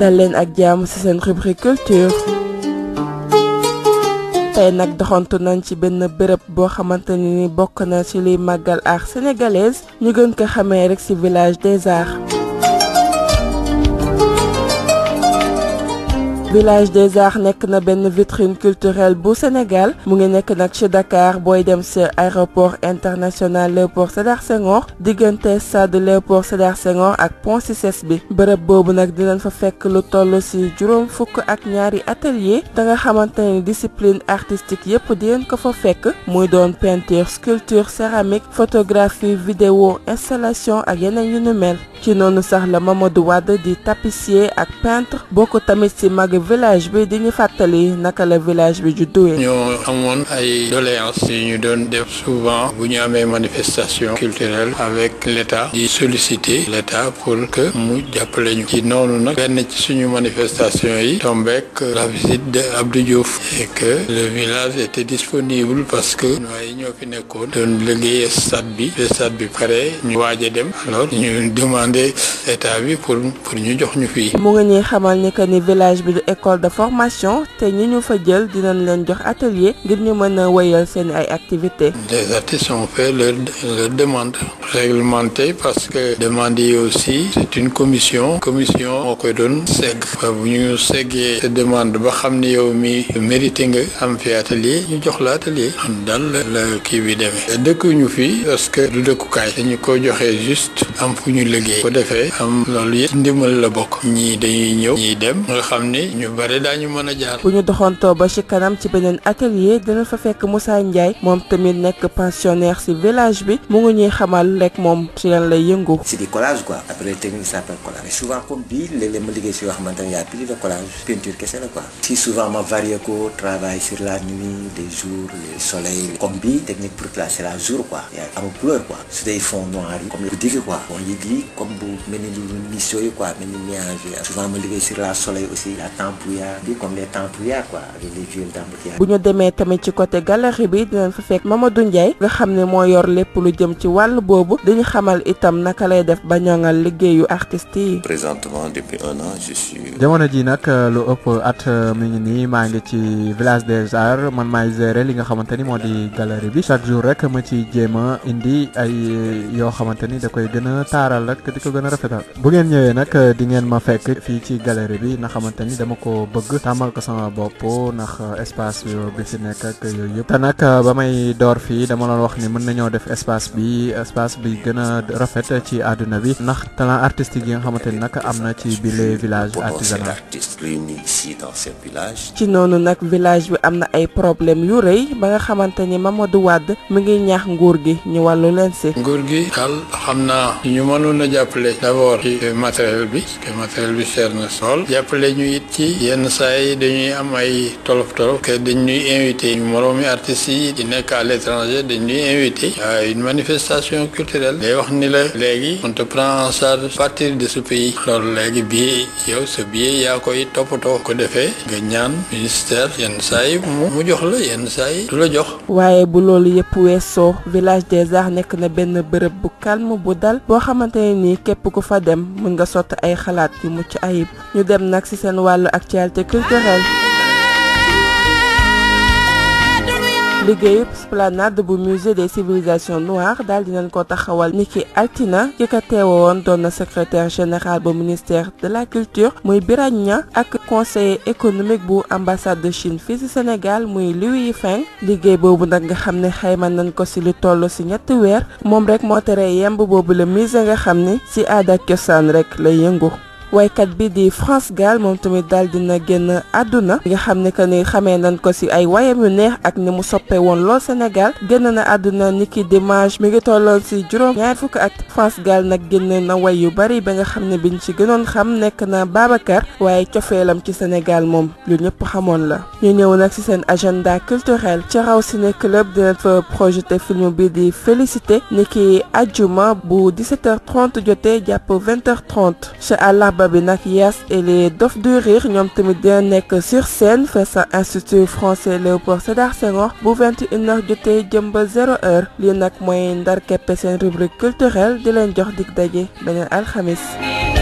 dal ak jàmm ci seen rubrique tey nag doxantu nañ ci benn bërëb boo xamante ni bokk na ci liy màggal art sénégalaise ñu gën ko xamee rek ci village des arts village des arts nek na ben vitrine culturelle bu Sénégal mu ngi nek nak ci Dakar boy dem sa aéroport international Le port Sédar Senghor diggante stade port Sédar Senghor ak pont Cissé bi bërëb boobu nag dinañ fa fekk lu toll ci juróom fukk ak ñaari atelier da nga xamante discipline artistique yépp dinañ ko fa fekk muy doon peinture sculpture céramique photographie vidéo installation ak yeneen yu nu mel ci noonu sax la Mamadou Wade di tapissier ak peintre bokk tamit ci mag village bi di ñu fàttali naka la village bi juddoo. ñu amoon ay doléances yu ñu doon def souvent bu ñu amee manifestation culturelle avec l'état di solliciter l'état pour que mu jàppale ñu ci noonu nag benn ci suñu manifestation yi tombeek la visite de Abdou Diouf et que le village était disponible parce que nous ñoo fi nekkoon doon liggéey stade bi stade bi pare ñu waaj demandé dem ñu demander état bi pour pour ñu jox ñu fii. mu nga ñuy xamal ni que ni village bi école de formation te nous ñu fa jël dinañ atelier ngir activités. les artistes ont fait leur demande réglementée parce que demande aussi c'est une commission commission moo koy doon que bu ñu demande ba xam mi mérité am atelier ñu jox la atelier am vit la Nous parce que du juste am am la ñu bëri daañu mën jaar. ñu doxantoo ba ci kanam ci beneen atelier dañu fa fekk Moussa Ndiaye mom tamit nek pensionnaire ci village bi mu ngi ñuy xamal rek mom ci lan lay yëngu. c'est du collage quoi après technique ça s'appelle collage souvent comme bii léeg le ma liggéey ci wax man tan ya a de collage peinture kese la quoi. si souvent ma varié ko travail sur la nuit des jours les soleils comme technique pour classer la jour quoi ya a couleur quoi c'est des fond noir comme le dit quoi on y dit comme bu mel ni lu mission quoi mel nuage souvent ma liggéey sur la soleil aussi la temps Tambouya bi comme les Tambouya quoi avec les tuiles Tambouya. bu ñu demee tamit ci côté galerie bi dinañ fa fekk Mamadou Ndiaye nga xam ne moo yor lépp lu jëm ci wàll boobu dañu xamal itam naka lay def ba ñoŋal liggéeyu artistes yi. présentement jamono ji nag euh, lu ëpp at euh, mu ngi nii maa ngi ci village des arts man maay gérer li nga xamante ni moo di galerie bi chaque jour rek ma ci jéem a indi ay euh, yoo xamante ni da koy gën taaral rek di ko gën rafetal bu ngeen ñëwee nag di ngeen ma fekk fii ci galerie bi nga xamante dama ko bëgg tàmmal ko sama bopp ndax espace bi bi si nekk ak yooyu yëpp te nag ba may door fii dama doon wax ni mën nañoo def espace bi espace bi gën rafet eh, ci àdduna bi ndax talent artistique yi nga xamante ni nag eh, am na ci bile village artisanal ci noonu nag village bi am na ay problème yu rëy ba nga xamante ni Mamadou Wade mi ngi ñaax nguur gi ñu wàllu leen si nguur gi xam ñu mënoon a jàppale d'abord ci matériel bi matériel bi cher na sol jàppale ñu it ci bi yenn saa dañuy am ay tolof tolof que dañ ñuy invité moroomi artistes yi di nekk à l'étranger dañ ñuy invité à une manifestation culturelle day wax ni la léegi on te prend en charge partir de ce pays loolu léegi billet yow sa billet yaa koy toppatoo ko defee nga ñaan ministère yenn saay yi mu jox la yenn saay yi du la jox. waaye bu loolu yëpp weesoo village des arts nekk na benn bërëb bu calme bu dal boo xamante nii képp ko fa dem mën nga sotti ay xalaat yu mucc ayib actualité culturelle liggéeyub esplanade du musée des civilisations noires dal dinañ ko taxawal niki altina qui est teewoon secrétaire général du ministère de la culture muy Biragna, et ak conseiller économique de ambassade de Chine Fils Sénégal muy Louis Feng. L'équipe boobu nag nga xam ne xayma nañ ko ci lu toll ci ñetti weer moom rek moo tere yemb boobu la musée nga xam le ci waykat bi di France Gal moom tamit daal dina génn àdduna nga xam ne que ni xamee nañ ko si ay wayam yu neex ak ni mu soppe woon lool Sénégal génn na àdduna niki dimanche mi ngi tolloon si juróom ñaar fukk ak France Gal nag génn na way yu bari ba nga xam ne biñ ci gënoon xam nekk na Babacar waaye cofeelam ci Sénégal moom lu ñëpp xamoon la ñu ñëw nag si seen agenda culturel ci raw ciné club dina fa projeté film bi di félicité niki ajuma bu 17h30 jotee jàpp 20h30 ca àllarba débat bi nag Yass et les Dof du Rire ñoom tamit dina nekk sur seen face à institut français Léopold Sédar Senghor bu 21h jotee jëm ba li h nag mooy ndar keppe seen rubrique culturelle di leen jox dig daje beneen alxamis.